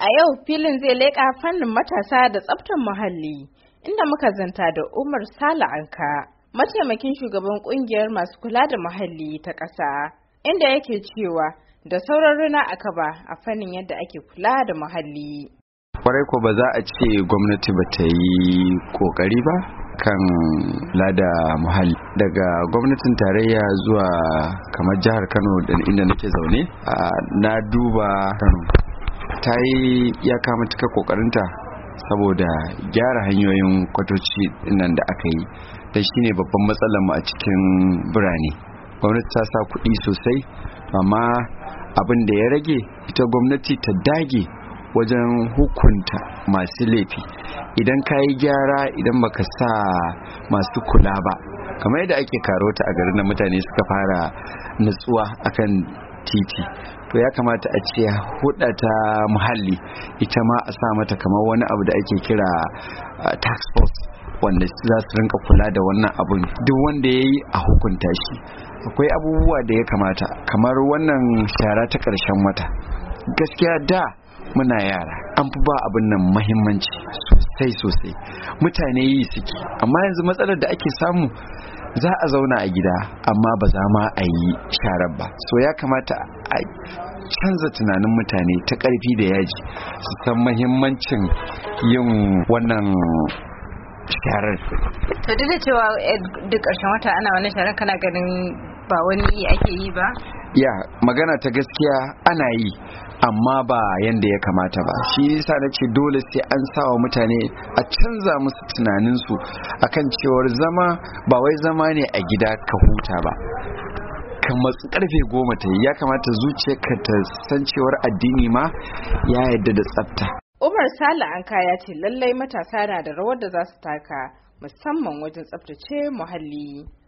A yau filin zai leƙa fannin matasa da tsaftar muhalli, inda muka zanta da Umar Sala Anka, mataimakin shugaban ƙungiyar masu kula da muhalli ta ƙasa, inda yake cewa da sauran runa a kaba a fannin yadda ake kula da muhalli. Kwarai ko ba za a ce gwamnati ba ta yi ƙoƙari ba kan lada muhalli. daga gwamnatin tarayya zuwa kamar jihar kano inda nake zaune na duba kano ta yi ya kama tuka kokarinta saboda gyara hanyoyin kwatoci nan da aka yi da shi ne babban matsalar mu a cikin birane gwamnati ta sa kuɗi sosai amma abin da ya rage ita gwamnati ta dage wajen hukunta masu laifi idan ka yi gyara idan baka sa masu kula ba kamar yadda ake karota a garin da mutane suka fara natsuwa akan titi to ya kamata a ce huda ta muhalli ita ma a sa mata kamar wani abu da ake kira tax force wanda za su rinka kula da wannan abun duk wanda ya yi a hukunta shi akwai abubuwa da ya kamata kamar wannan shara ta ƙarshen wata gaskiya da muna yara an fi ba abin nan mahimmanci sosai sosai mutane yi suke amma yanzu matsalar da ake samu za a zauna a gida amma ba za ma a yi sharar ba so ya kamata a canza tunanin mutane ta ƙarfi da yaji su san mahimmancin yin wannan sharar to duk da cewa eh, duk ƙarshen wata ana wannan sharar kana ganin ba wani ake yi ba ya magana ta gaskiya ana yi amma ba yanda ya kamata ba shi yasa na ce dole sai an sawa mutane a canza musu tunaninsu akan cewar zama ba wai zama ne a gida ka huta ba ka karfe goma ta ya kamata ka ta san cewar addini ma ya yadda da tsafta umar sale an kaya ce lallai matasa na da rawar da za su taka musamman wajen tsaftace muhalli